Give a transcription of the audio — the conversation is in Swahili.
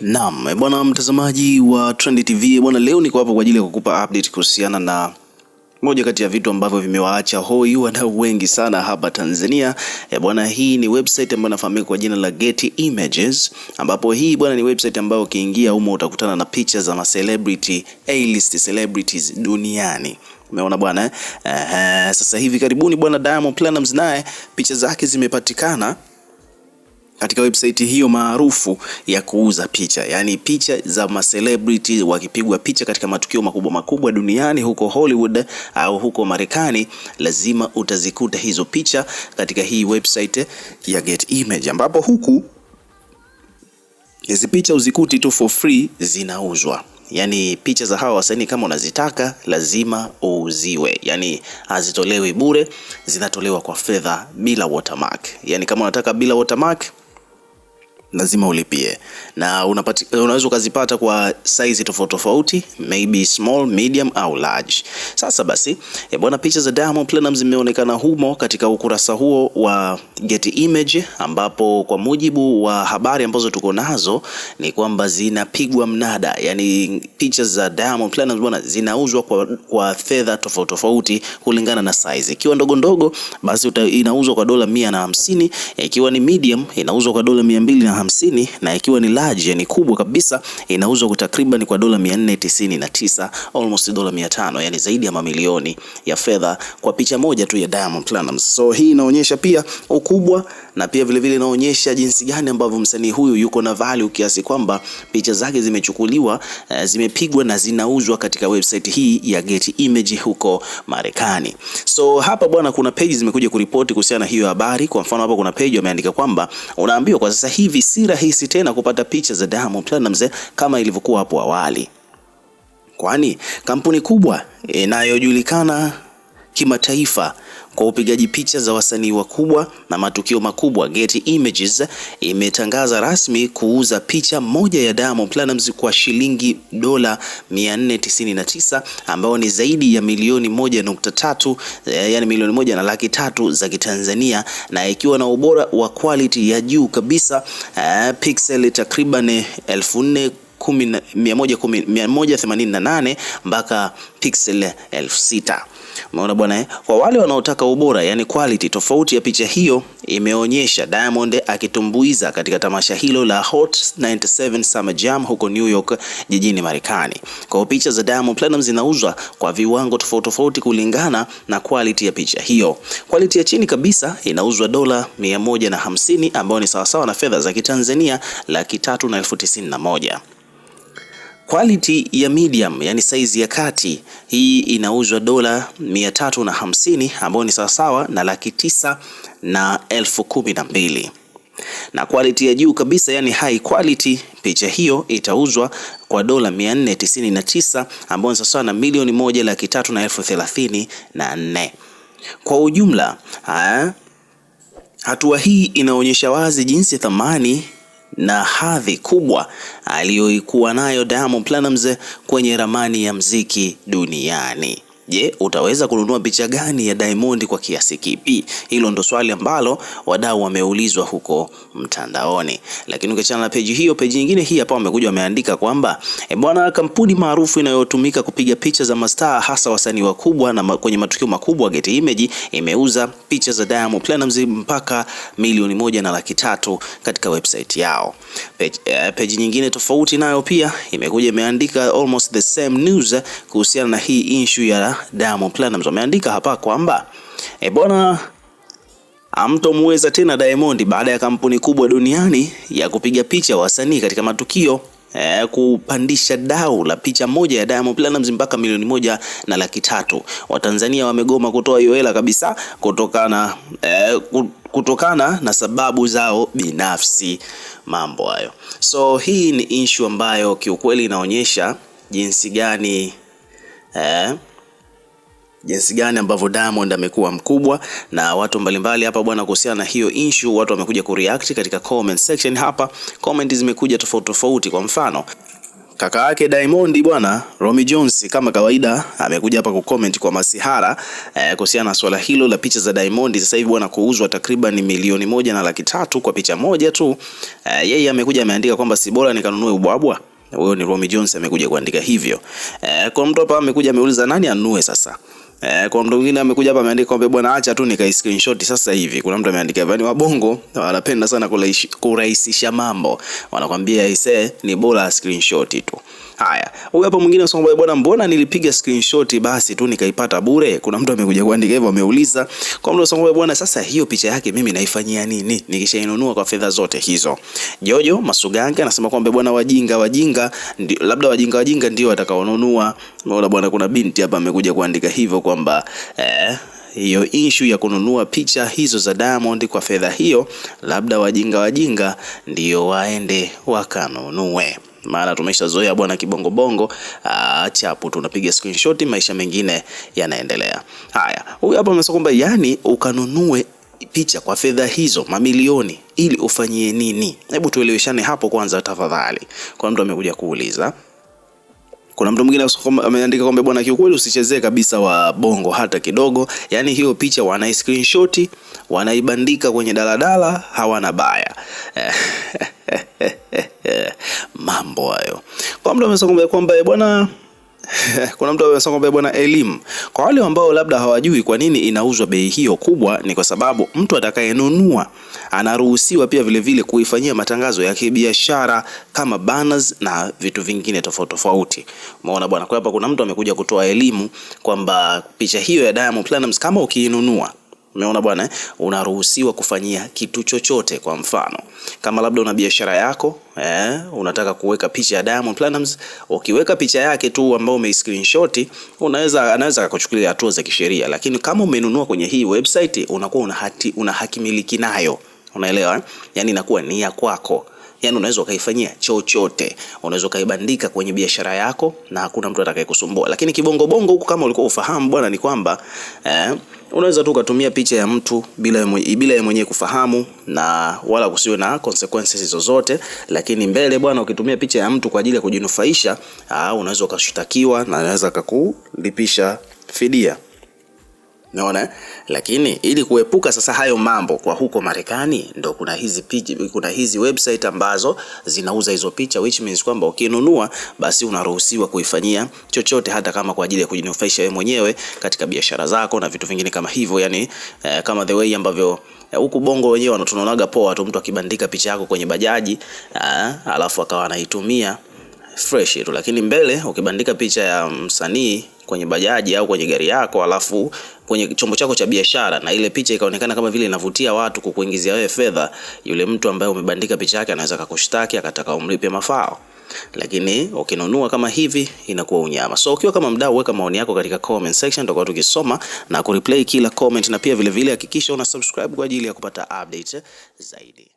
Naam, eh, bwana mtazamaji wa Trend TV eh, bwana, leo niko hapa kwa ajili ya kukupa update kuhusiana na moja kati ya vitu ambavyo vimewaacha hoi wadau wengi sana hapa Tanzania. E bwana, hii ni website ambayo inafahamika kwa jina la Getty Images, ambapo hii bwana ni website ambayo ukiingia humo utakutana na picha za ma celebrity A list celebrities duniani. Umeona bwana eh? Sasa hivi karibuni bwana Diamond Platnumz naye picha zake zimepatikana katika website hiyo maarufu ya kuuza picha, yaani picha za ma wakipigwa picha katika matukio makubwa makubwa duniani huko Hollywood au huko Marekani, lazima utazikuta hizo picha katika hii website ya Get Image, ambapo huku hizi picha uzikuti tu for free, zinauzwa. Yaani picha za hawa wasanii kama unazitaka lazima uuziwe, yaani hazitolewi bure, zinatolewa kwa fedha bila watermark. Yaani kama unataka bila watermark lazima ulipie, na unaweza ukazipata kwa size tofauti tofauti, maybe small, medium au large. Sasa basi eh, bwana, picha za Diamond Platnumz zimeonekana humo katika ukurasa huo wa Getty Image, ambapo kwa mujibu wa habari ambazo tuko nazo ni kwamba zinapigwa mnada, yani picha za Diamond Platnumz bwana zinauzwa kwa, kwa fedha tofauti tofauti kulingana na size. Ikiwa ndogo ndogo basi inauzwa kwa dola mia na hamsini, ikiwa ni medium inauzwa kwa dola mia mbili na hamsini na ikiwa ni large, yani kubwa kabisa, inauzwa kwa takriban kwa dola 499 almost dola 500, yani zaidi ya mamilioni ya fedha kwa picha moja tu ya Diamond Platinum. So hii inaonyesha pia ukubwa na pia vilevile inaonyesha vile jinsi gani ambavyo msanii huyu yuko na value kiasi kwamba picha zake zimechukuliwa, eh, zimepigwa na zinauzwa katika website hii ya Getty Image huko Marekani. So hapa bwana, kuna page zimekuja kuripoti kuhusiana na hiyo habari. Kwa mfano hapa kuna page wameandika kwamba unaambiwa kwa sasa hivi si rahisi tena kupata picha za Diamond Platnumz kama ilivyokuwa hapo awali, kwani kampuni kubwa inayojulikana kimataifa kwa upigaji picha za wasanii wakubwa na matukio makubwa, Getty Images imetangaza rasmi kuuza picha moja ya Diamond Platnumz kwa shilingi dola 499 ambayo ni zaidi ya milioni moja nukta tatu, eh, yani milioni moja na laki tatu za Kitanzania, na ikiwa na ubora wa quality ya juu kabisa, uh, pixel takriban 4188 mpaka pixel 6000. Umeona bwana eh? Kwa wale wanaotaka ubora, yani quality, tofauti ya picha hiyo imeonyesha Diamond akitumbuiza katika tamasha hilo la Hot 97 Summer Jam huko New York jijini Marekani. Kwa picha za Diamond Platinum zinauzwa kwa viwango tofauti tofauti kulingana na quality ya picha hiyo. Quality ya chini kabisa inauzwa dola 150 ambayo ni sawasawa na fedha za Kitanzania laki tatu na elfu tisini na moja. Quality ya medium, yani saizi ya kati, hii inauzwa dola mia tatu na hamsini ambayo ni sawasawa na laki tisa na elfu kumi na mbili na quality ya juu kabisa yani high quality picha hiyo itauzwa kwa dola 499 ambayo ni sawa na milioni moja laki tatu na elfu thelathini na nne. Kwa ujumla, hatua hii inaonyesha wazi jinsi thamani na hadhi kubwa aliyoikuwa nayo Diamond Platnumz kwenye ramani ya mziki duniani. Je, utaweza kununua picha gani ya Diamond kwa kiasi kipi? Hilo ndo swali ambalo wadau wameulizwa huko mtandaoni. Lakini ukiachana na peji hiyo, peji nyingine hii hapa wamekuja wameandika kwamba e, bwana, kampuni maarufu inayotumika kupiga picha za mastaa hasa wasanii wakubwa na ma, kwenye matukio makubwa Getty Images imeuza picha za Diamond Platnumz mpaka milioni moja na laki tatu katika website yao. Peji, uh, peji nyingine tofauti nayo pia imekuja imeandika almost the same news kuhusiana na hii issue ya Diamond Platnumz. wameandika hapa kwamba e, bwana amtomweza tena Diamond baada ya kampuni kubwa duniani ya kupiga picha wasanii katika matukio Eh, kupandisha dau la picha moja ya Diamond Platnumz mpaka milioni moja na laki tatu. Watanzania wamegoma kutoa hiyo hela kabisa kutokana, eh, kutokana na sababu zao binafsi mambo hayo. So hii ni issue ambayo kiukweli inaonyesha jinsi gani eh, jinsi gani ambavyo Diamond amekuwa mkubwa na watu mbalimbali hapa bwana. Kuhusiana na hiyo issue, watu wamekuja kureact katika comment section hapa, comment zimekuja tofauti tofauti. Kwa mfano kaka yake Diamond bwana Romy Jones kama kawaida amekuja hapa kucomment kwa masihara eh, kuhusiana na swala hilo la picha za Diamond sasa hivi bwana kuuzwa takriban milioni moja na laki tatu kwa picha moja tu. Eh, yeye amekuja ameandika kwamba si bora nikanunue ubwabwa. Huyo ni Romy Jones amekuja kuandika hivyo. Eh, kwa mtu hapa amekuja ameuliza nani anunue sasa? Eh, kwa mtu mwingine amekuja hapa ameandika kwamba bwana, acha tu nikai screenshot sasa hivi. Kuna mtu ameandika hivi, yaani wabongo eh, wanapenda sana kurahisisha mambo, wanakwambia ise ni bora screenshot tu. Haya, huyu hapa mwingine anasema bwana, mbona nilipiga screenshot basi tu nikaipata bure? Kuna mtu amekuja kuandika hivyo, ameuliza kwa mtu anasema bwana, sasa hiyo picha yake mimi naifanyia nini nikishainunua kwa fedha zote hizo? Jojo Masuganga anasema kwamba bwana, wajinga wajinga ndi, labda wajinga wajinga ndio watakaonunua. Unaona bwana, kuna binti hapa amekuja kuandika hivyo kwamba eh, hiyo issue ya kununua picha hizo za Diamond kwa fedha hiyo, labda wajinga wajinga ndio waende wakanunue maana tumeshazoea bwana kibongobongo ah, chapu, tunapiga screenshot, maisha mengine yanaendelea. Haya, huyu hapa amesema kwamba yani ukanunue picha kwa fedha hizo mamilioni ili ufanyie nini? Hebu tueleweshane hapo kwanza tafadhali, kwa mtu amekuja kuuliza. Kuna mtu mwingine ameandika kwamba bwana, kiukweli usichezee kabisa wa bongo hata kidogo. Yani hiyo picha wana screenshot wanaibandika kwenye daladala, hawana baya mambo hayo. Kwa mtu amesema kwamba eh, bwana Kuna mtu amesema kwamba bwana elimu kwa wale ambao labda hawajui kwa nini inauzwa bei hiyo kubwa, ni kwa sababu mtu atakayenunua anaruhusiwa pia vilevile vile kuifanyia matangazo ya kibiashara kama banners na vitu vingine tofauti tofauti. Umeona bwana, kwa hapa kuna mtu amekuja kutoa elimu kwamba picha hiyo ya Diamond Platnumz kama ukiinunua Umeona bwana eh? Unaruhusiwa kufanyia kitu chochote. Kwa mfano kama labda una biashara yako eh, unataka kuweka picha ya Diamond Platnumz, ukiweka picha yake tu ambayo screenshot, unaweza anaweza akakuchukulia hatua za kisheria, lakini kama umenunua kwenye hii website unakuwa una haki miliki nayo, unaelewa eh? Yani inakuwa ni ya kwako yani unaweza ukaifanyia chochote, unaweza ukaibandika kwenye biashara yako na hakuna mtu atakayekusumbua. Lakini kibongobongo huku kama ulikuwa ufahamu bwana, ni kwamba eh, unaweza tu ukatumia picha ya mtu bila bila yeye mwenyewe kufahamu, na wala kusiwe na consequences zozote. Lakini mbele bwana, ukitumia picha ya mtu kwa ajili ya kujinufaisha, ah, unaweza ukashtakiwa na anaweza akakulipisha fidia. Umeona? Lakini ili kuepuka sasa hayo mambo kwa huko Marekani ndo kuna hizi piji, kuna hizi website ambazo zinauza hizo picha which means kwamba ukinunua basi unaruhusiwa kuifanyia chochote hata kama kwa ajili ya kujinufaisha wewe mwenyewe katika biashara zako na vitu vingine kama hivyo, yani eh, kama the way ambavyo eh, huku bongo wenyewe tunaonaga poa tu mtu akibandika picha yako kwenye bajaji, eh, alafu akawa anaitumia fresh tu, lakini mbele ukibandika picha ya msanii kwenye bajaji au kwenye gari yako, alafu kwenye chombo chako cha biashara, na ile picha ikaonekana kama vile inavutia watu kukuingizia wewe fedha, yule mtu ambaye umebandika picha yake anaweza kukushtaki akataka umlipe mafao. Lakini ukinunua kama hivi inakuwa unyama. So ukiwa kama mdau, weka maoni yako katika comment section, tutakuwa tukisoma na kureplay kila comment, na pia vilevile hakikisha una subscribe kwa ajili ya kupata update zaidi.